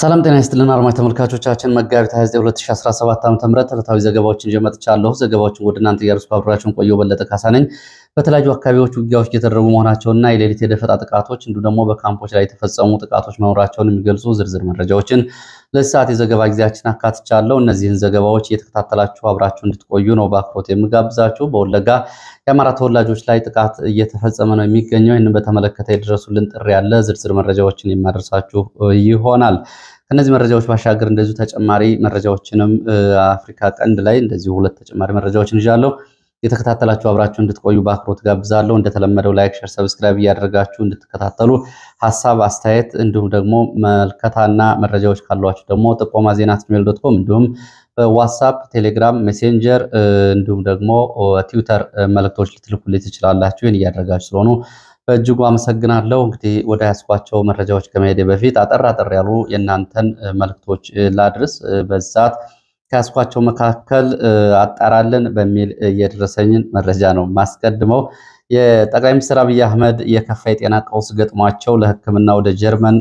ሰላም ጤና ይስጥልን አርማጅ ተመልካቾቻችን፣ መጋቢት 29 2017 ዓ ም ዕለታዊ ዘገባዎችን ይዤ መጥቻለሁ። ዘገባዎችን ወደ እናንተ እያደረስኩ አብራችሁን ቆየሁ። በለጠ ካሳ ነኝ። በተለያዩ አካባቢዎች ውጊያዎች እየተደረጉ መሆናቸውና የሌሊት የደፈጣ ጥቃቶች እንዲሁ ደግሞ በካምፖች ላይ የተፈጸሙ ጥቃቶች መኖራቸውን የሚገልጹ ዝርዝር መረጃዎችን ለሰዓት የዘገባ ጊዜያችን አካትቻለሁ። እነዚህን ዘገባዎች እየተከታተላችሁ አብራችሁ እንድትቆዩ ነው በአክብሮት የምጋብዛችሁ። በወለጋ የአማራ ተወላጆች ላይ ጥቃት እየተፈጸመ ነው የሚገኘው። ይህንን በተመለከተ የደረሱልን ጥሪ ያለ ዝርዝር መረጃዎችን የማደርሳችሁ ይሆናል። ከነዚህ መረጃዎች ባሻገር እንደዚሁ ተጨማሪ መረጃዎችንም አፍሪካ ቀንድ ላይ እንደዚሁ ሁለት ተጨማሪ መረጃዎችን ይዣለሁ። የተከታተላችሁ አብራችሁ እንድትቆዩ በአክብሮት ጋብዛለሁ። እንደተለመደው ላይክ፣ ሸር፣ ሰብስክራይብ እያደረጋችሁ እንድትከታተሉ ሀሳብ አስተያየት፣ እንዲሁም ደግሞ መልከታና መረጃዎች ካሏችሁ ደግሞ ጥቆማ ዜና ጂሜል ዶት ኮም እንዲሁም በዋትሳፕ ቴሌግራም፣ ሜሴንጀር እንዲሁም ደግሞ ትዊተር መልእክቶች ልትልኩልኝ ትችላላችሁ። ይህን እያደረጋችሁ ስለሆኑ በእጅጉ አመሰግናለሁ። እንግዲህ ወደ ያስኳቸው መረጃዎች ከመሄዴ በፊት አጠር አጠር ያሉ የእናንተን መልእክቶች ላድርስ በዛት ከያዝኳቸው መካከል አጣራለን በሚል የደረሰኝን መረጃ ነው ማስቀድመው። የጠቅላይ ሚኒስትር አብይ አህመድ የከፋ የጤና ቀውስ ገጥሟቸው ለሕክምና ወደ ጀርመን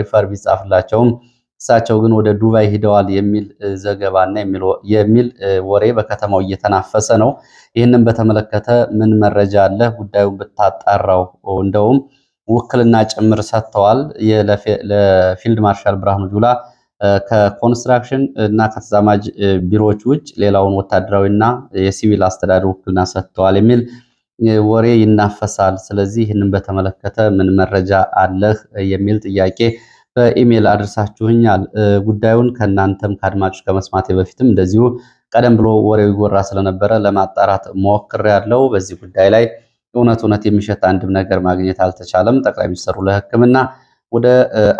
ሪፈር ቢጻፍላቸውም እሳቸው ግን ወደ ዱባይ ሂደዋል የሚል ዘገባና የሚል ወሬ በከተማው እየተናፈሰ ነው። ይህንን በተመለከተ ምን መረጃ አለ? ጉዳዩን ብታጣራው። እንደውም ውክልና ጭምር ሰጥተዋል ለፊልድ ማርሻል ብርሃኑ ጁላ ከኮንስትራክሽን እና ከተዛማጅ ቢሮዎች ውጭ ሌላውን ወታደራዊና የሲቪል አስተዳደር ውክልና ሰጥተዋል የሚል ወሬ ይናፈሳል። ስለዚህ ይህንን በተመለከተ ምን መረጃ አለህ የሚል ጥያቄ በኢሜይል አድርሳችሁኛል። ጉዳዩን ከእናንተም ከአድማጮች ከመስማቴ በፊትም እንደዚሁ ቀደም ብሎ ወሬው ይወራ ስለነበረ ለማጣራት ሞክሬያለሁ። በዚህ ጉዳይ ላይ እውነት እውነት የሚሸት አንድም ነገር ማግኘት አልተቻለም። ጠቅላይ ሚኒስትሩ ለሕክምና ወደ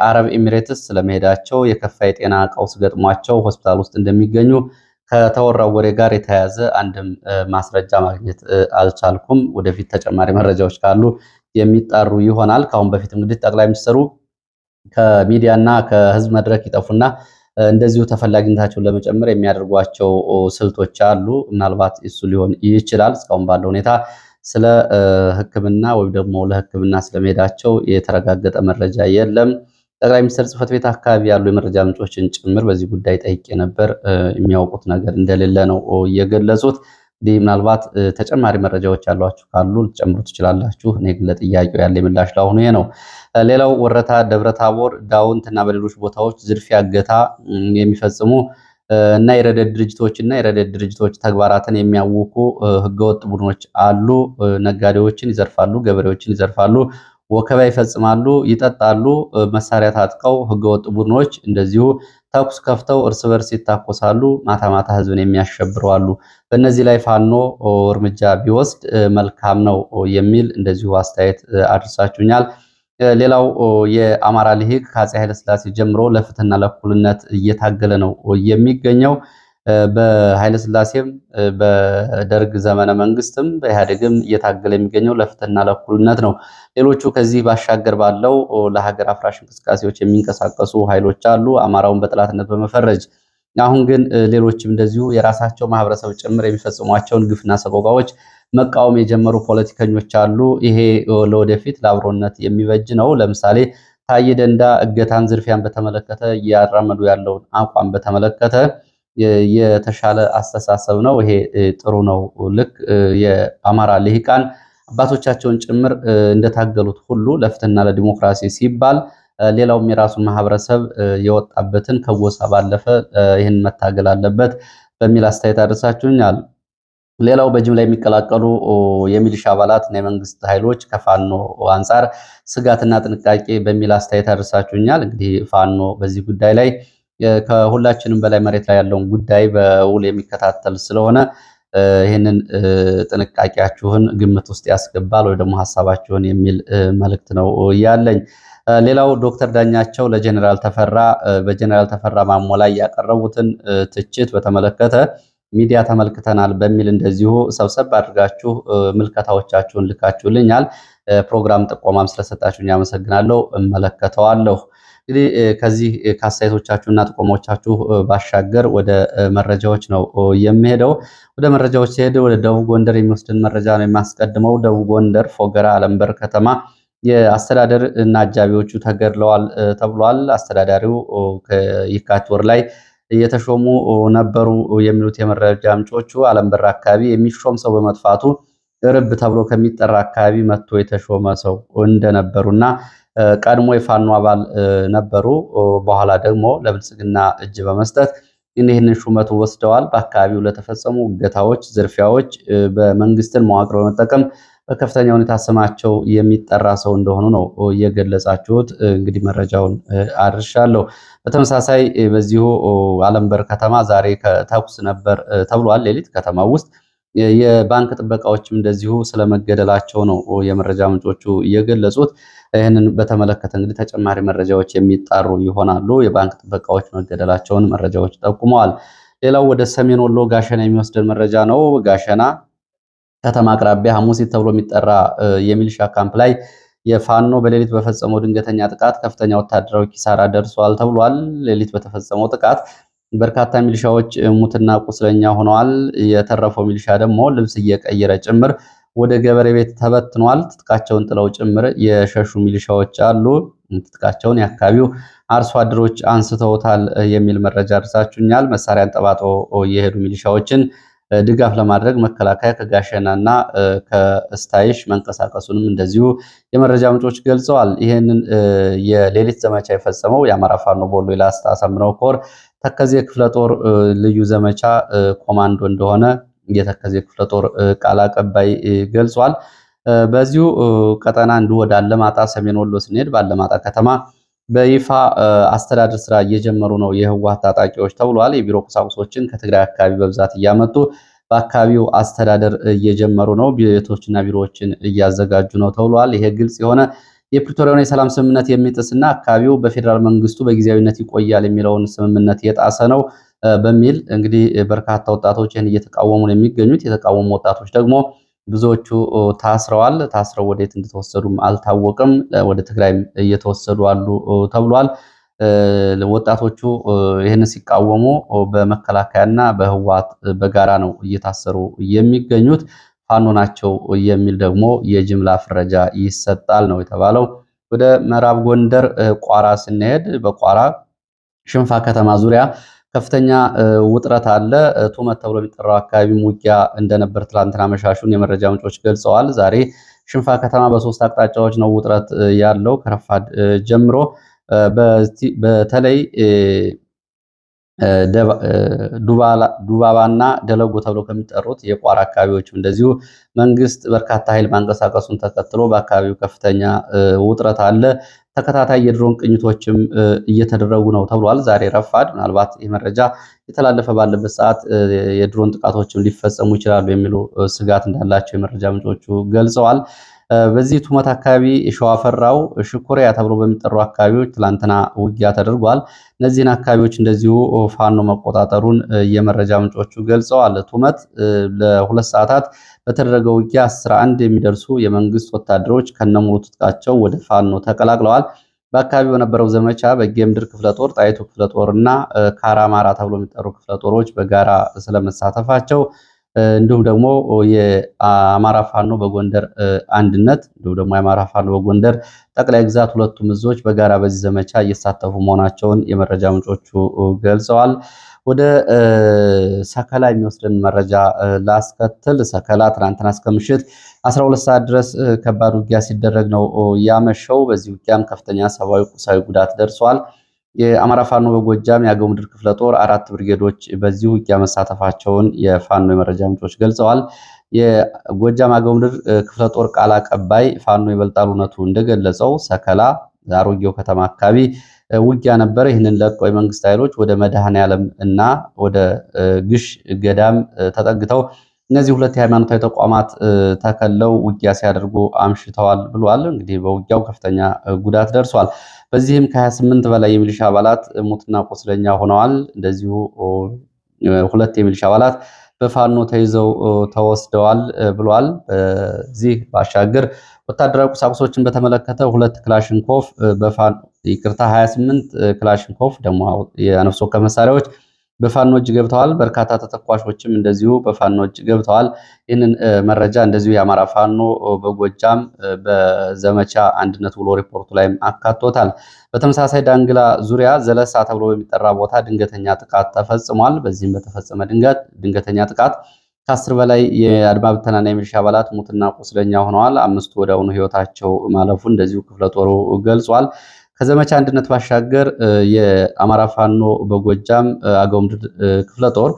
አረብ ኤሚሬትስ ስለመሄዳቸው የከፋ የጤና ቀውስ ገጥሟቸው ሆስፒታል ውስጥ እንደሚገኙ ከተወራው ወሬ ጋር የተያያዘ አንድም ማስረጃ ማግኘት አልቻልኩም። ወደፊት ተጨማሪ መረጃዎች ካሉ የሚጣሩ ይሆናል። ከአሁን በፊት እንግዲህ ጠቅላይ ሚኒስትሩ ከሚዲያና ከህዝብ መድረክ ይጠፉና እንደዚሁ ተፈላጊነታቸውን ለመጨመር የሚያደርጓቸው ስልቶች አሉ። ምናልባት እሱ ሊሆን ይችላል። እስካሁን ባለው ሁኔታ ስለ ሕክምና ወይም ደግሞ ለሕክምና ስለመሄዳቸው የተረጋገጠ መረጃ የለም። ጠቅላይ ሚኒስትር ጽሕፈት ቤት አካባቢ ያሉ የመረጃ ምንጮችን ጭምር በዚህ ጉዳይ ጠይቄ ነበር። የሚያውቁት ነገር እንደሌለ ነው እየገለጹት። እንዲህ ምናልባት ተጨማሪ መረጃዎች ያሏችሁ ካሉ ልትጨምሩ ትችላላችሁ። እኔ ግን ለጥያቄው ያለ ምላሽ ለአሁኑ ይሄ ነው። ሌላው ወረታ፣ ደብረ ታቦር፣ ዳውንት እና በሌሎች ቦታዎች ዝርፊያ፣ እገታ የሚፈጽሙ እና የረደድ ድርጅቶች እና የረደድ ድርጅቶች ተግባራትን የሚያውኩ ህገወጥ ቡድኖች አሉ። ነጋዴዎችን ይዘርፋሉ፣ ገበሬዎችን ይዘርፋሉ፣ ወከባ ይፈጽማሉ፣ ይጠጣሉ። መሳሪያ ታጥቀው ህገወጥ ቡድኖች እንደዚሁ ተኩስ ከፍተው እርስ በርስ ይታኮሳሉ። ማታ ማታ ህዝብን የሚያሸብረዋሉ። አሉ። በእነዚህ ላይ ፋኖ እርምጃ ቢወስድ መልካም ነው የሚል እንደዚሁ አስተያየት አድርሳችሁኛል። ሌላው የአማራ ልሂቅ ከአፄ ኃይለስላሴ ጀምሮ ለፍትህና ለእኩልነት እየታገለ ነው የሚገኘው። በኃይለስላሴም በደርግ ዘመነ መንግስትም በኢህአዴግም እየታገለ የሚገኘው ለፍትህና ለእኩልነት ነው። ሌሎቹ ከዚህ ባሻገር ባለው ለሀገር አፍራሽ እንቅስቃሴዎች የሚንቀሳቀሱ ኃይሎች አሉ፣ አማራውን በጠላትነት በመፈረጅ አሁን ግን ሌሎችም እንደዚሁ የራሳቸው ማህበረሰብ ጭምር የሚፈጽሟቸውን ግፍና ሰቆቃዎች መቃወም የጀመሩ ፖለቲከኞች አሉ። ይሄ ለወደፊት ለአብሮነት የሚበጅ ነው። ለምሳሌ ታዬ ደንዳ እገታን፣ ዝርፊያን በተመለከተ እያራመዱ ያለውን አቋም በተመለከተ የተሻለ አስተሳሰብ ነው። ይሄ ጥሩ ነው። ልክ የአማራ ልሂቃን አባቶቻቸውን ጭምር እንደታገሉት ሁሉ ለፍትህና ለዲሞክራሲ ሲባል ሌላውም የራሱን ማህበረሰብ የወጣበትን ከጎሳ ባለፈ ይህን መታገል አለበት በሚል አስተያየት አድርሳችሁኛል። ሌላው በጅምላ የሚቀላቀሉ የሚሊሻ አባላትና የመንግስት ኃይሎች ከፋኖ አንጻር ስጋትና ጥንቃቄ በሚል አስተያየት አድርሳችሁኛል። እንግዲህ ፋኖ በዚህ ጉዳይ ላይ ከሁላችንም በላይ መሬት ላይ ያለውን ጉዳይ በውል የሚከታተል ስለሆነ ይህንን ጥንቃቄያችሁን ግምት ውስጥ ያስገባል ወይ ደግሞ ሀሳባችሁን የሚል መልእክት ነው ያለኝ። ሌላው ዶክተር ዳኛቸው ለጀኔራል ተፈራ በጀኔራል ተፈራ ማሞ ላይ ያቀረቡትን ትችት በተመለከተ ሚዲያ ተመልክተናል በሚል እንደዚሁ ሰብሰብ አድርጋችሁ ምልከታዎቻችሁን ልካችሁልኛል። ፕሮግራም ጥቆማም ስለሰጣችሁ አመሰግናለሁ። እመለከተዋለሁ። እንግዲህ ከዚህ ከአስተያየቶቻችሁና ጥቆሞቻችሁ ባሻገር ወደ መረጃዎች ነው የሚሄደው። ወደ መረጃዎች ሲሄድ ወደ ደቡብ ጎንደር የሚወስድን መረጃ ነው የማስቀድመው። ደቡብ ጎንደር ፎገራ አለምበር ከተማ የአስተዳደር እና አጃቢዎቹ ተገድለዋል ተብሏል። አስተዳዳሪው የካቲት ወር ላይ እየተሾሙ ነበሩ የሚሉት የመረጃ ምንጮቹ አለም በር አካባቢ የሚሾም ሰው በመጥፋቱ እርብ ተብሎ ከሚጠራ አካባቢ መጥቶ የተሾመ ሰው እንደነበሩና ቀድሞ የፋኖ አባል ነበሩ። በኋላ ደግሞ ለብልጽግና እጅ በመስጠት ይህንን ሹመት ወስደዋል። በአካባቢው ለተፈጸሙ እገታዎች፣ ዝርፊያዎች በመንግስትን መዋቅር በመጠቀም በከፍተኛ ሁኔታ ስማቸው የሚጠራ ሰው እንደሆኑ ነው የገለጻችሁት። እንግዲህ መረጃውን አድርሻለሁ። በተመሳሳይ በዚሁ አለምበር ከተማ ዛሬ ተኩስ ነበር ተብሏል። ሌሊት ከተማ ውስጥ የባንክ ጥበቃዎችም እንደዚሁ ስለመገደላቸው ነው የመረጃ ምንጮቹ እየገለጹት። ይህንን በተመለከተ እንግዲህ ተጨማሪ መረጃዎች የሚጣሩ ይሆናሉ። የባንክ ጥበቃዎች መገደላቸውን መረጃዎች ጠቁመዋል። ሌላው ወደ ሰሜን ወሎ ጋሸና የሚወስደን መረጃ ነው። ጋሸና ከተማ አቅራቢያ ሐሙሲት ተብሎ የሚጠራ የሚሊሻ ካምፕ ላይ የፋኖ በሌሊት በፈጸመው ድንገተኛ ጥቃት ከፍተኛ ወታደራዊ ኪሳራ ደርሷል ተብሏል። ሌሊት በተፈጸመው ጥቃት በርካታ ሚሊሻዎች ሙትና ቁስለኛ ሆነዋል። የተረፈው ሚሊሻ ደግሞ ልብስ እየቀየረ ጭምር ወደ ገበሬ ቤት ተበትኗል። ትጥቃቸውን ጥለው ጭምር የሸሹ ሚሊሻዎች አሉ። ትጥቃቸውን የአካባቢው አርሶ አደሮች አንስተውታል የሚል መረጃ ደርሳችሁኛል። መሳሪያን ጠባጦ የሄዱ ሚሊሻዎችን ድጋፍ ለማድረግ መከላከያ ከጋሸናና ከስታይሽ መንቀሳቀሱንም እንደዚሁ የመረጃ ምንጮች ገልጸዋል። ይህንን የሌሊት ዘመቻ የፈጸመው የአማራ ፋኖ ቦሎ የላስታ አሳምነው ኮር ተከዜ ክፍለ ጦር ልዩ ዘመቻ ኮማንዶ እንደሆነ የተከዜ ክፍለ ጦር ቃል አቀባይ ገልጿል። በዚሁ ቀጠና እንዲሁ ወደ አለማጣ ሰሜን ወሎ ስንሄድ በአለማጣ ከተማ በይፋ አስተዳደር ስራ እየጀመሩ ነው የህወሓት ታጣቂዎች ተብሏል። የቢሮ ቁሳቁሶችን ከትግራይ አካባቢ በብዛት እያመጡ በአካባቢው አስተዳደር እየጀመሩ ነው። ቤቶችና ቢሮዎችን እያዘጋጁ ነው ተብሏል። ይሄ ግልጽ የሆነ የፕሪቶሪያውን የሰላም ስምምነት የሚጥስና አካባቢው በፌዴራል መንግስቱ በጊዜያዊነት ይቆያል የሚለውን ስምምነት የጣሰ ነው በሚል እንግዲህ በርካታ ወጣቶች ይህን እየተቃወሙ ነው የሚገኙት። የተቃወሙ ወጣቶች ደግሞ ብዙዎቹ ታስረዋል። ታስረው ወዴት እንደተወሰዱም አልታወቅም። ወደ ትግራይም እየተወሰዱ አሉ ተብሏል። ወጣቶቹ ይህን ሲቃወሙ በመከላከያና በህወሓት በጋራ ነው እየታሰሩ የሚገኙት። ፋኖ ናቸው የሚል ደግሞ የጅምላ ፍረጃ ይሰጣል ነው የተባለው። ወደ ምዕራብ ጎንደር ቋራ ስንሄድ በቋራ ሽንፋ ከተማ ዙሪያ ከፍተኛ ውጥረት አለ። ቱመት ተብሎ የሚጠራው አካባቢም ውጊያ እንደነበር ትላንትና መሻሹን የመረጃ ምንጮች ገልጸዋል። ዛሬ ሽንፋ ከተማ በሶስት አቅጣጫዎች ነው ውጥረት ያለው ከረፋድ ጀምሮ በተለይ ዱባባና ደለጎ ተብሎ ከሚጠሩት የቋራ አካባቢዎችም እንደዚሁ መንግስት በርካታ ኃይል ማንቀሳቀሱን ተከትሎ በአካባቢው ከፍተኛ ውጥረት አለ። ተከታታይ የድሮን ቅኝቶችም እየተደረጉ ነው ተብሏል። ዛሬ ረፋድ ምናልባት ይህ መረጃ የተላለፈ ባለበት ሰዓት የድሮን ጥቃቶችም ሊፈጸሙ ይችላሉ የሚሉ ስጋት እንዳላቸው የመረጃ ምንጮቹ ገልጸዋል። በዚህ ቱመት አካባቢ ሸዋፈራው ሽኩሪያ ተብሎ በሚጠሩ አካባቢዎች ትላንትና ውጊያ ተደርጓል። እነዚህን አካባቢዎች እንደዚሁ ፋኖ መቆጣጠሩን የመረጃ ምንጮቹ ገልጸዋል። ቱመት ለሁለት ሰዓታት በተደረገ ውጊያ አስራ አንድ የሚደርሱ የመንግስት ወታደሮች ከነሙሉ ትጥቃቸው ወደ ፋኖ ተቀላቅለዋል። በአካባቢው በነበረው ዘመቻ በጌምድር ክፍለ ጦር፣ ጣይቱ ክፍለ ጦር እና ካራማራ ተብሎ የሚጠሩ ክፍለ ጦሮች በጋራ ስለመሳተፋቸው እንዲሁም ደግሞ የአማራ ፋኖ በጎንደር አንድነት እንዲሁም ደግሞ የአማራ ፋኖ በጎንደር ጠቅላይ ግዛት ሁለቱም እዞች በጋራ በዚህ ዘመቻ እየተሳተፉ መሆናቸውን የመረጃ ምንጮቹ ገልጸዋል። ወደ ሰከላ የሚወስድን መረጃ ላስከትል። ሰከላ ትናንትና እስከ ምሽት 12 ሰዓት ድረስ ከባድ ውጊያ ሲደረግ ነው ያመሸው። በዚህ ውጊያም ከፍተኛ ሰብአዊ፣ ቁሳዊ ጉዳት ደርሷል። የአማራ ፋኖ በጎጃም የአገው ምድር ክፍለ ጦር አራት ብርጌዶች በዚሁ ውጊያ መሳተፋቸውን የፋኖ የመረጃ ምንጮች ገልጸዋል። የጎጃም አገው ምድር ክፍለ ጦር ቃል አቀባይ ፋኖ ይበልጣል እውነቱ እንደገለጸው ሰከላ አሮጌው ከተማ አካባቢ ውጊያ ነበር። ይህንን ለቀው የመንግስት ኃይሎች ወደ መድኃኔ ዓለም እና ወደ ግሽ ገዳም ተጠግተው እነዚህ ሁለት የሃይማኖታዊ ተቋማት ተከለው ውጊያ ሲያደርጉ አምሽተዋል ብሏል። እንግዲህ በውጊያው ከፍተኛ ጉዳት ደርሷል። በዚህም ከ28 በላይ የሚሊሻ አባላት ሙትና ቁስለኛ ሆነዋል። እንደዚሁ ሁለት የሚሊሻ አባላት በፋኖ ተይዘው ተወስደዋል ብሏል። በዚህ ባሻገር ወታደራዊ ቁሳቁሶችን በተመለከተ ሁለት ክላሽንኮፍ ይቅርታ 28 ክላሽንኮፍ ደግሞ የአነፍሶ መሳሪያዎች በፋኖ እጅ ገብተዋል። በርካታ ተተኳሾችም እንደዚሁ በፋኖ እጅ ገብተዋል። ይህንን መረጃ እንደዚሁ የአማራ ፋኖ በጎጃም በዘመቻ አንድነት ውሎ ሪፖርቱ ላይም አካቶታል። በተመሳሳይ ዳንግላ ዙሪያ ዘለሳ ተብሎ በሚጠራ ቦታ ድንገተኛ ጥቃት ተፈጽሟል። በዚህም በተፈጸመ ድንገተኛ ጥቃት ከአስር በላይ የአድማ ብተናና የሚሊሻ አባላት ሙትና ቁስለኛ ሆነዋል። አምስቱ አሁኑ ህይወታቸው ማለፉ እንደዚሁ ክፍለ ጦሩ ገልጿል። ከዘመቻ አንድነት ባሻገር የአማራ ፋኖ በጎጃም አገው ምድር ክፍለ ጦር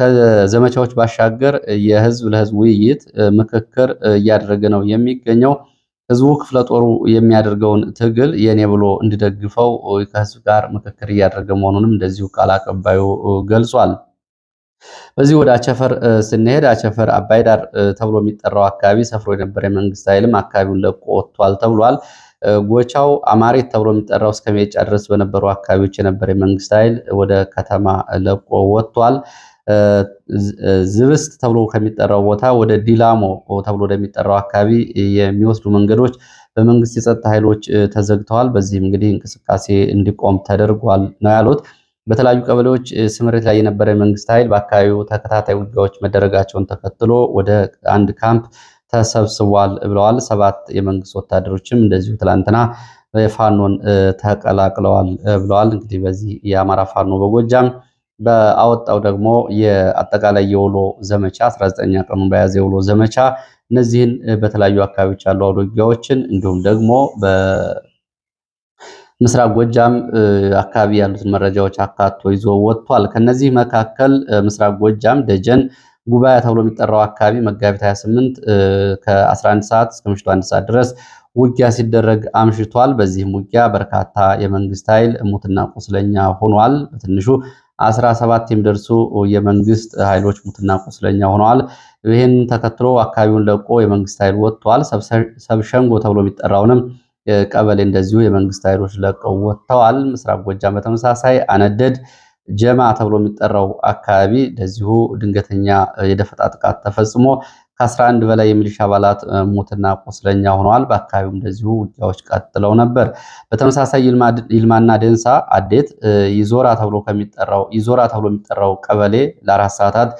ከዘመቻዎች ባሻገር የህዝብ ለህዝብ ውይይት፣ ምክክር እያደረገ ነው የሚገኘው። ህዝቡ ክፍለ ጦሩ የሚያደርገውን ትግል የኔ ብሎ እንዲደግፈው ከህዝብ ጋር ምክክር እያደረገ መሆኑንም እንደዚሁ ቃል አቀባዩ ገልጿል። በዚህ ወደ አቸፈር ስንሄድ አቸፈር አባይ ዳር ተብሎ የሚጠራው አካባቢ ሰፍሮ የነበረ የመንግስት ኃይልም አካባቢውን ለቆ ወጥቷል ተብሏል። ጎቻው አማሬት ተብሎ የሚጠራው እስከ ሜጫ ድረስ በነበሩ አካባቢዎች የነበረ የመንግስት ኃይል ወደ ከተማ ለቆ ወጥቷል። ዝብስት ተብሎ ከሚጠራው ቦታ ወደ ዲላሞ ተብሎ ወደሚጠራው አካባቢ የሚወስዱ መንገዶች በመንግስት የጸጥታ ኃይሎች ተዘግተዋል። በዚህም እንግዲህ እንቅስቃሴ እንዲቆም ተደርጓል ነው ያሉት። በተለያዩ ቀበሌዎች ስምሪት ላይ የነበረ የመንግስት ኃይል በአካባቢው ተከታታይ ውጊያዎች መደረጋቸውን ተከትሎ ወደ አንድ ካምፕ ተሰብስቧል ብለዋል። ሰባት የመንግስት ወታደሮችም እንደዚሁ ትላንትና የፋኖን ተቀላቅለዋል ብለዋል። እንግዲህ በዚህ የአማራ ፋኖ በጎጃም በአወጣው ደግሞ የአጠቃላይ የውሎ ዘመቻ 19ኛ ቀኑን በያዘ የውሎ ዘመቻ እነዚህን በተለያዩ አካባቢዎች ያሉ አውደ ውጊያዎችን እንዲሁም ደግሞ በምስራቅ ጎጃም አካባቢ ያሉትን መረጃዎች አካቶ ይዞ ወጥቷል። ከነዚህ መካከል ምስራቅ ጎጃም ደጀን ጉባኤ ተብሎ የሚጠራው አካባቢ መጋቢት 28 ከ11 ሰዓት እስከ ምሽቱ 1 ሰዓት ድረስ ውጊያ ሲደረግ አምሽቷል። በዚህም ውጊያ በርካታ የመንግስት ኃይል ሙትና ቁስለኛ ሆኗል። በትንሹ 17 የሚደርሱ የመንግስት ኃይሎች ሙትና ቁስለኛ ሆነዋል። ይህን ተከትሎ አካባቢውን ለቆ የመንግስት ኃይል ወጥቷል። ሰብሸንጎ ተብሎ የሚጠራውንም ቀበሌ እንደዚሁ የመንግስት ኃይሎች ለቀው ወጥተዋል። ምስራቅ ጎጃም በተመሳሳይ አነደድ ጀማ ተብሎ የሚጠራው አካባቢ እንደዚሁ ድንገተኛ የደፈጣ ጥቃት ተፈጽሞ ከ11 በላይ የሚሊሻ አባላት ሞትና ቆስለኛ ሆነዋል። በአካባቢው እንደዚሁ ውጊያዎች ቀጥለው ነበር። በተመሳሳይ ይልማና ደንሳ አዴት ይዞራ ተብሎ ከሚጠራው ይዞራ ተብሎ የሚጠራው ቀበሌ ለአራት ሰዓታት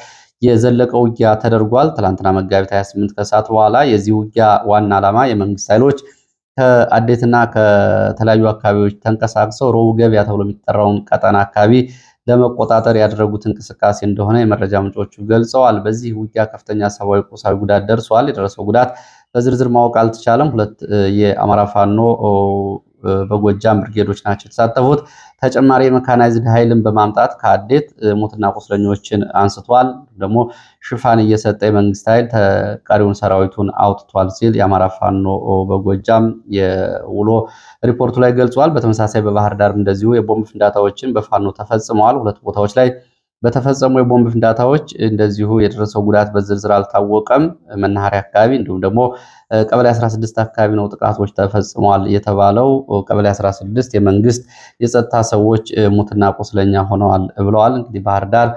የዘለቀ ውጊያ ተደርጓል። ትላንትና መጋቢት 28 ከሰዓት በኋላ የዚህ ውጊያ ዋና ዓላማ የመንግስት ኃይሎች ከአዴትና ከተለያዩ አካባቢዎች ተንቀሳቅሰው ሮቡ ገበያ ተብሎ የሚጠራውን ቀጠና አካባቢ ለመቆጣጠር ያደረጉት እንቅስቃሴ እንደሆነ የመረጃ ምንጮቹ ገልጸዋል። በዚህ ውጊያ ከፍተኛ ሰብአዊ፣ ቁሳዊ ጉዳት ደርሷል። የደረሰው ጉዳት በዝርዝር ማወቅ አልተቻለም። ሁለት የአማራ ፋኖ በጎጃም ብርጌዶች ናቸው የተሳተፉት። ተጨማሪ የመካናይዝድ ኃይልን በማምጣት ከአዴት ሞትና ቁስለኞችን አንስቷል። ደግሞ ሽፋን እየሰጠ የመንግስት ኃይል ተቀሪውን ሰራዊቱን አውጥቷል ሲል የአማራ ፋኖ በጎጃም የውሎ ሪፖርቱ ላይ ገልጿል። በተመሳሳይ በባህር ዳር እንደዚሁ የቦምብ ፍንዳታዎችን በፋኖ ተፈጽመዋል። ሁለት ቦታዎች ላይ በተፈጸሙ የቦምብ ፍንዳታዎች እንደዚሁ የደረሰው ጉዳት በዝርዝር አልታወቀም። መናኸሪያ አካባቢ እንዲሁም ደግሞ ቀበሌ 16 አካባቢ ነው ጥቃቶች ተፈጽሟል የተባለው። ቀበሌ 16 የመንግስት የጸጥታ ሰዎች ሙትና ቁስለኛ ሆነዋል ብለዋል። እንግዲህ ባህር ዳር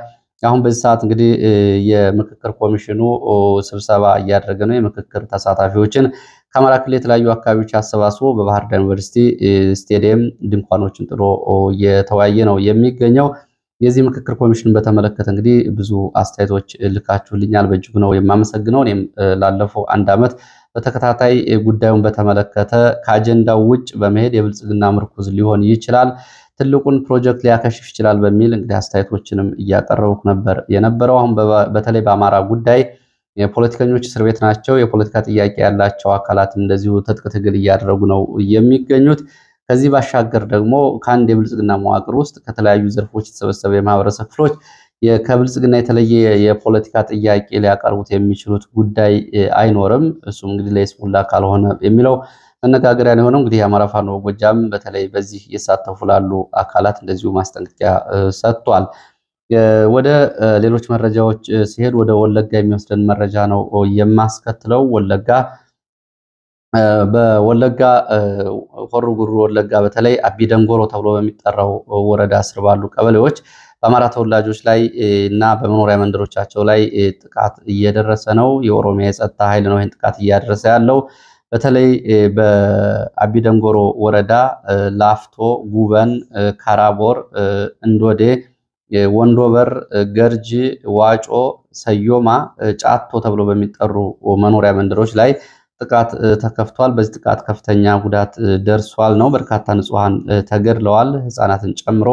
አሁን በዚህ ሰዓት እንግዲህ የምክክር ኮሚሽኑ ስብሰባ እያደረገ ነው። የምክክር ተሳታፊዎችን ከአማራ ክልል የተለያዩ አካባቢዎች አሰባስቦ በባህር ዳር ዩኒቨርሲቲ ስቴዲየም ድንኳኖችን ጥሎ እየተወያየ ነው የሚገኘው። የዚህ ምክክር ኮሚሽን በተመለከተ እንግዲህ ብዙ አስተያየቶች ልካችሁልኛል። በእጅጉ ነው የማመሰግነው። እኔም ላለፈው አንድ ዓመት በተከታታይ ጉዳዩን በተመለከተ ከአጀንዳው ውጭ በመሄድ የብልጽግና ምርኩዝ ሊሆን ይችላል፣ ትልቁን ፕሮጀክት ሊያከሽፍ ይችላል በሚል እንግዲህ አስተያየቶችንም እያቀረብኩ ነበር የነበረው። አሁን በተለይ በአማራ ጉዳይ የፖለቲከኞች እስር ቤት ናቸው። የፖለቲካ ጥያቄ ያላቸው አካላት እንደዚሁ ትጥቅ ትግል እያደረጉ ነው የሚገኙት። ከዚህ ባሻገር ደግሞ ከአንድ የብልጽግና መዋቅር ውስጥ ከተለያዩ ዘርፎች የተሰበሰበ የማህበረሰብ ክፍሎች ከብልጽግና የተለየ የፖለቲካ ጥያቄ ሊያቀርቡት የሚችሉት ጉዳይ አይኖርም። እሱም እንግዲህ ለይስሙላ ካልሆነ የሚለው መነጋገሪያ የሆነው እንግዲህ የአማራ ፋኖ ጎጃም በተለይ በዚህ እየሳተፉ ላሉ አካላት እንደዚሁ ማስጠንቀቂያ ሰጥቷል። ወደ ሌሎች መረጃዎች ሲሄድ ወደ ወለጋ የሚወስደን መረጃ ነው የማስከትለው። ወለጋ በወለጋ ሆሮ ጉሩ ወለጋ በተለይ አቢ ደንጎሮ ተብሎ በሚጠራው ወረዳ ስር ባሉ ቀበሌዎች በአማራ ተወላጆች ላይ እና በመኖሪያ መንደሮቻቸው ላይ ጥቃት እየደረሰ ነው። የኦሮሚያ የጸጥታ ኃይል ነው ይህን ጥቃት እያደረሰ ያለው። በተለይ በአቢ ደንጎሮ ወረዳ ላፍቶ፣ ጉበን፣ ካራቦር፣ እንዶዴ፣ ወንዶበር፣ ገርጂ፣ ዋጮ፣ ሰዮማ፣ ጫቶ ተብሎ በሚጠሩ መኖሪያ መንደሮች ላይ ጥቃት ተከፍቷል። በዚህ ጥቃት ከፍተኛ ጉዳት ደርሷል ነው። በርካታ ንጹሐን ተገድለዋል። ህጻናትን ጨምሮ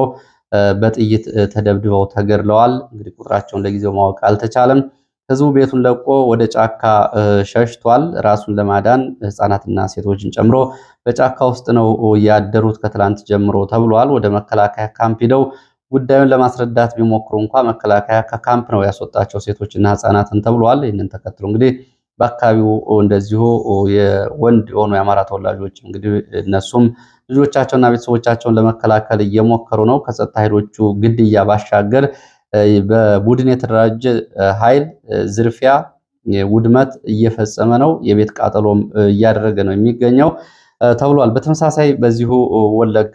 በጥይት ተደብድበው ተገድለዋል። እንግዲህ ቁጥራቸውን ለጊዜው ማወቅ አልተቻለም። ህዝቡ ቤቱን ለቆ ወደ ጫካ ሸሽቷል። ራሱን ለማዳን ህጻናትና ሴቶችን ጨምሮ በጫካ ውስጥ ነው ያደሩት ከትላንት ጀምሮ ተብሏል። ወደ መከላከያ ካምፕ ሂደው ጉዳዩን ለማስረዳት ቢሞክሩ እንኳ መከላከያ ከካምፕ ነው ያስወጣቸው ሴቶችና ህጻናትን ተብሏል። ይህንን ተከትሎ እንግዲህ በአካባቢው እንደዚሁ የወንድ የሆኑ የአማራ ተወላጆች እንግዲህ እነሱም ልጆቻቸውና ቤተሰቦቻቸውን ለመከላከል እየሞከሩ ነው። ከጸጥታ ኃይሎቹ ግድያ ባሻገር በቡድን የተደራጀ ኃይል ዝርፊያ፣ ውድመት እየፈጸመ ነው። የቤት ቃጠሎም እያደረገ ነው የሚገኘው ተብሏል። በተመሳሳይ በዚሁ ወለጋ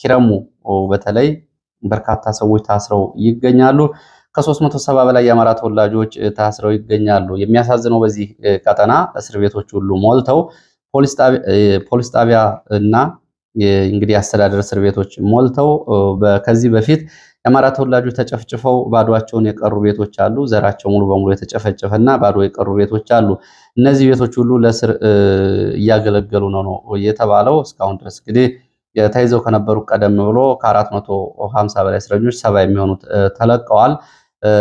ኪረሙ በተለይ በርካታ ሰዎች ታስረው ይገኛሉ። ከ370 በላይ የአማራ ተወላጆች ታስረው ይገኛሉ። የሚያሳዝነው በዚህ ቀጠና እስር ቤቶች ሁሉ ሞልተው ፖሊስ ጣቢያ እና እንግዲህ አስተዳደር እስር ቤቶች ሞልተው ከዚህ በፊት የአማራ ተወላጆች ተጨፍጭፈው ባዶቸውን የቀሩ ቤቶች አሉ። ዘራቸው ሙሉ በሙሉ የተጨፈጨፈ እና ባዶ የቀሩ ቤቶች አሉ። እነዚህ ቤቶች ሁሉ ለእስር እያገለገሉ ነው ነው የተባለው እስካሁን ድረስ እንግዲህ ተይዘው ከነበሩ ቀደም ብሎ ከ450 በላይ እስረኞች ሰባ የሚሆኑት ተለቀዋል።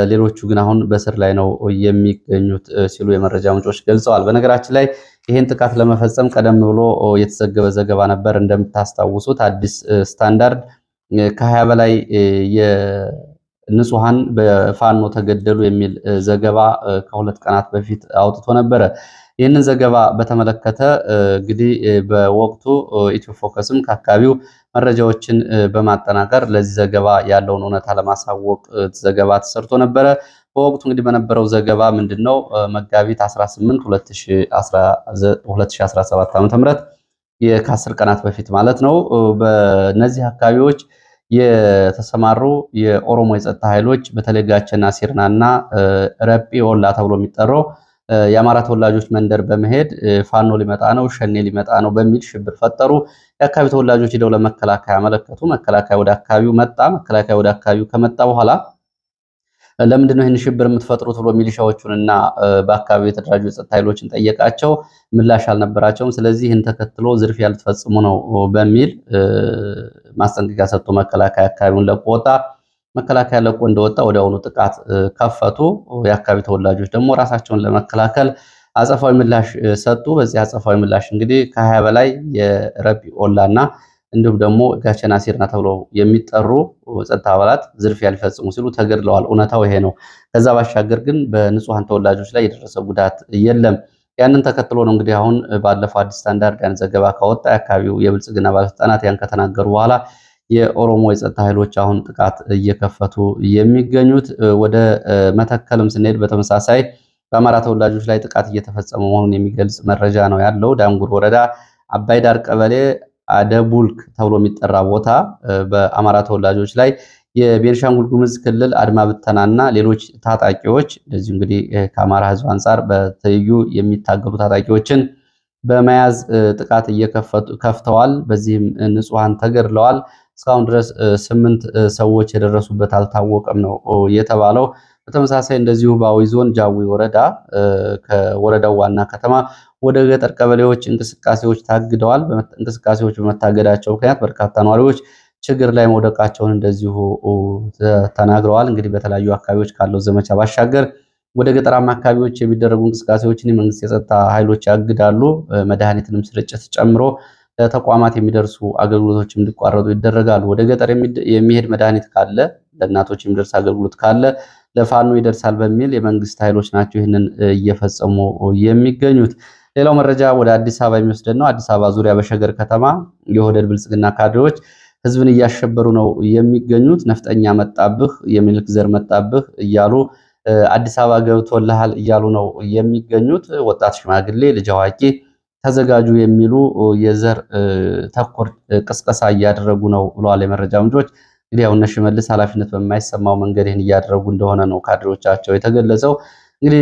ሌሎቹ ግን አሁን በስር ላይ ነው የሚገኙት ሲሉ የመረጃ ምንጮች ገልጸዋል። በነገራችን ላይ ይህን ጥቃት ለመፈጸም ቀደም ብሎ የተዘገበ ዘገባ ነበር። እንደምታስታውሱት አዲስ ስታንዳርድ ከሀያ በላይ ንጹሐን በፋኖ ተገደሉ የሚል ዘገባ ከሁለት ቀናት በፊት አውጥቶ ነበረ። ይህንን ዘገባ በተመለከተ እንግዲህ በወቅቱ ኢትዮ ፎከስም ከአካባቢው መረጃዎችን በማጠናቀር ለዚህ ዘገባ ያለውን እውነታ ለማሳወቅ ዘገባ ተሰርቶ ነበረ። በወቅቱ እንግዲህ በነበረው ዘገባ ምንድን ነው መጋቢት 18 2017 ዓ ም ከአስር ቀናት በፊት ማለት ነው በእነዚህ አካባቢዎች የተሰማሩ የኦሮሞ የጸጥታ ኃይሎች በተለይ ጋቸና ሲርናና ረጲ ወላ ተብሎ የሚጠራው የአማራ ተወላጆች መንደር በመሄድ ፋኖ ሊመጣ ነው፣ ሸኔ ሊመጣ ነው በሚል ሽብር ፈጠሩ። የአካባቢ ተወላጆች ሄደው ለመከላከያ አመለከቱ። መከላከያ ወደ አካባቢው መጣ። መከላከያ ወደ አካባቢው ከመጣ በኋላ ለምንድን ነው ይህን ሽብር የምትፈጥሩት ብሎ ሚሊሻዎቹን እና በአካባቢው የተደራጁ የጸጥታ ኃይሎችን ጠየቃቸው። ምላሽ አልነበራቸውም። ስለዚህ ይህን ተከትሎ ዝርፊያ ልትፈጽሙ ነው በሚል ማስጠንቀቂያ ሰጥቶ መከላከያ አካባቢውን ለቆ ወጣ። መከላከያ ለቆ እንደወጣ ወዲያውኑ ጥቃት ከፈቱ። የአካባቢ ተወላጆች ደግሞ ራሳቸውን ለመከላከል አጸፋዊ ምላሽ ሰጡ። በዚህ አጸፋዊ ምላሽ እንግዲህ ከሀያ በላይ የረቢ ኦላና እንዲሁም ደግሞ ጋቸና ሲርና ተብለው የሚጠሩ ጸጥታ አባላት ዝርፊያ ሊፈጽሙ ሲሉ ተገድለዋል። እውነታው ይሄ ነው። ከዛ ባሻገር ግን በንጹሐን ተወላጆች ላይ የደረሰ ጉዳት የለም። ያንን ተከትሎ ነው እንግዲህ አሁን ባለፈው አዲስ ስታንዳርድ ያን ዘገባ ካወጣ የአካባቢው የብልጽግና ባለስልጣናት ያን ከተናገሩ በኋላ የኦሮሞ የጸጥታ ኃይሎች አሁን ጥቃት እየከፈቱ የሚገኙት። ወደ መተከልም ስንሄድ በተመሳሳይ በአማራ ተወላጆች ላይ ጥቃት እየተፈጸመ መሆኑን የሚገልጽ መረጃ ነው ያለው። ዳንጉር ወረዳ አባይ ዳር ቀበሌ አደቡልክ ተብሎ የሚጠራ ቦታ በአማራ ተወላጆች ላይ የቤንሻንጉል ጉሙዝ ክልል አድማ ብተናና ሌሎች ታጣቂዎች እንደዚሁ እንግዲህ ከአማራ ሕዝብ አንጻር በትይዩ የሚታገሉ ታጣቂዎችን በመያዝ ጥቃት እየከፍተዋል። በዚህም ንጹሐን ተገድለዋል። እስካሁን ድረስ ስምንት ሰዎች የደረሱበት አልታወቀም ነው የተባለው። በተመሳሳይ እንደዚሁ በአዊ ዞን ጃዊ ወረዳ ከወረዳው ዋና ከተማ ወደ ገጠር ቀበሌዎች እንቅስቃሴዎች ታግደዋል። እንቅስቃሴዎች በመታገዳቸው ምክንያት በርካታ ነዋሪዎች ችግር ላይ መውደቃቸውን እንደዚሁ ተናግረዋል። እንግዲህ በተለያዩ አካባቢዎች ካለው ዘመቻ ባሻገር ወደ ገጠራማ አካባቢዎች የሚደረጉ እንቅስቃሴዎችን የመንግስት የጸጥታ ኃይሎች ያግዳሉ። መድኃኒትንም ስርጭት ጨምሮ ለተቋማት የሚደርሱ አገልግሎቶች እንዲቋረጡ ይደረጋሉ። ወደ ገጠር የሚሄድ መድኃኒት ካለ ለእናቶች የሚደርስ አገልግሎት ካለ ለፋኖ ይደርሳል በሚል የመንግስት ኃይሎች ናቸው ይህንን እየፈጸሙ የሚገኙት። ሌላው መረጃ ወደ አዲስ አበባ የሚወስደን ነው። አዲስ አበባ ዙሪያ በሸገር ከተማ የወደድ ብልጽግና ካድሬዎች ህዝብን እያሸበሩ ነው የሚገኙት። ነፍጠኛ መጣብህ፣ የሚልክ ዘር መጣብህ እያሉ አዲስ አበባ ገብቶልሃል እያሉ ነው የሚገኙት። ወጣት ሽማግሌ፣ ልጅ አዋቂ ተዘጋጁ የሚሉ የዘር ተኮር ቅስቀሳ እያደረጉ ነው ብለዋል የመረጃ ምንጮች። እንግዲህ ያው እነ ሽመልስ ኃላፊነት በማይሰማው መንገድ ይህን እያደረጉ እንደሆነ ነው ካድሬዎቻቸው የተገለጸው። እንግዲህ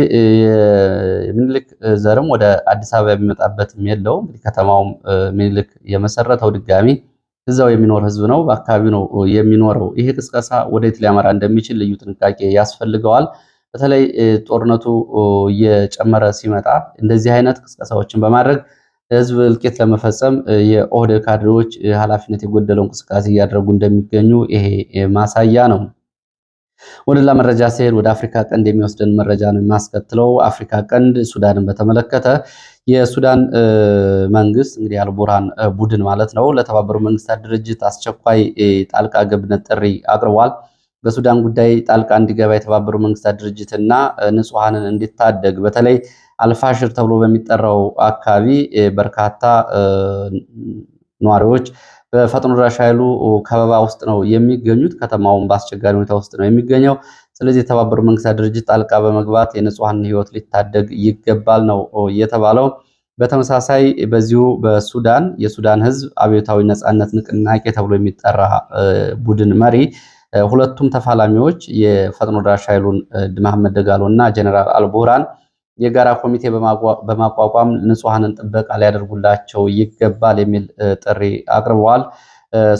ምኒልክ ዘርም ወደ አዲስ አበባ የሚመጣበትም የለውም። እንግዲህ ከተማውም ምኒልክ የመሰረተው ድጋሚ እዛው የሚኖር ህዝብ ነው፣ በአካባቢው ነው የሚኖረው። ይሄ ቅስቀሳ ወዴት ሊያመራ እንደሚችል ልዩ ጥንቃቄ ያስፈልገዋል። በተለይ ጦርነቱ እየጨመረ ሲመጣ እንደዚህ አይነት ቅስቀሳዎችን በማድረግ ህዝብ እልቂት ለመፈጸም የኦህዴድ ካድሬዎች ኃላፊነት የጎደለው እንቅስቃሴ እያደረጉ እንደሚገኙ ይሄ ማሳያ ነው። ወደ ሌላ መረጃ ሲሄድ ወደ አፍሪካ ቀንድ የሚወስደን መረጃ ነው የማስከትለው። አፍሪካ ቀንድ ሱዳንን በተመለከተ የሱዳን መንግስት እንግዲህ አልቡርሃን ቡድን ማለት ነው ለተባበሩት መንግስታት ድርጅት አስቸኳይ ጣልቃ ገብነት ጥሪ አቅርቧል። በሱዳን ጉዳይ ጣልቃ እንዲገባ የተባበሩ መንግስታት ድርጅትና ንጹሐንን እንዲታደግ በተለይ አልፋሽር ተብሎ በሚጠራው አካባቢ በርካታ ነዋሪዎች በፈጥኖ ደራሽ ኃይሉ ከበባ ውስጥ ነው የሚገኙት። ከተማውን በአስቸጋሪ ሁኔታ ውስጥ ነው የሚገኘው። ስለዚህ የተባበሩ መንግስታት ድርጅት ጣልቃ በመግባት የንጹሐን ህይወት ሊታደግ ይገባል ነው የተባለው። በተመሳሳይ በዚሁ በሱዳን የሱዳን ህዝብ አብዮታዊ ነጻነት ንቅናቄ ተብሎ የሚጠራ ቡድን መሪ ሁለቱም ተፋላሚዎች የፈጥኖ ደራሽ ኃይሉን መሐመድ ደጋሎ እና ጀኔራል አልቡራን የጋራ ኮሚቴ በማቋቋም ንጹሐንን ጥበቃ ሊያደርጉላቸው ይገባል የሚል ጥሪ አቅርበዋል።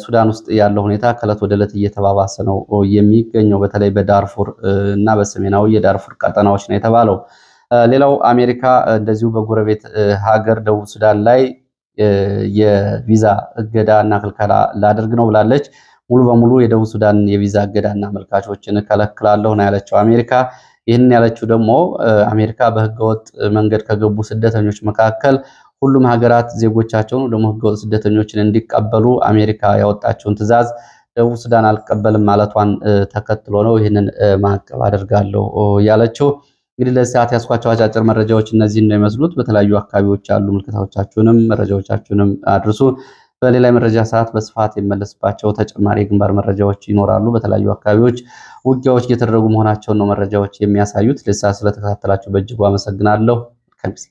ሱዳን ውስጥ ያለው ሁኔታ ከእለት ወደ ዕለት እየተባባሰ ነው የሚገኘው። በተለይ በዳርፉር እና በሰሜናዊ የዳርፉር ቀጠናዎች ነው የተባለው። ሌላው አሜሪካ እንደዚሁ በጎረቤት ሀገር ደቡብ ሱዳን ላይ የቪዛ እገዳ እና ክልከላ ላደርግ ነው ብላለች። ሙሉ በሙሉ የደቡብ ሱዳን የቪዛ እገዳና መልካቾችን እከለክላለሁ ነው ያለችው አሜሪካ። ይህን ያለችው ደግሞ አሜሪካ በህገወጥ መንገድ ከገቡ ስደተኞች መካከል ሁሉም ሀገራት ዜጎቻቸውን ደግሞ ህገወጥ ስደተኞችን እንዲቀበሉ አሜሪካ ያወጣችውን ትዕዛዝ ደቡብ ሱዳን አልቀበልም ማለቷን ተከትሎ ነው ይህንን ማዕቀብ አደርጋለሁ ያለችው። እንግዲህ ለዚህ ሰዓት ያስኳቸው አጫጭር መረጃዎች እነዚህ ነው ይመስሉት። በተለያዩ አካባቢዎች ያሉ ምልክታዎቻችሁንም መረጃዎቻችሁንም አድርሱ። በሌላ የመረጃ ሰዓት በስፋት የመለስባቸው ተጨማሪ የግንባር መረጃዎች ይኖራሉ። በተለያዩ አካባቢዎች ውጊያዎች እየተደረጉ መሆናቸውን ነው መረጃዎች የሚያሳዩት። ለሳ ስለተከታተላችሁ በእጅጉ አመሰግናለሁ። መልካም ጊዜ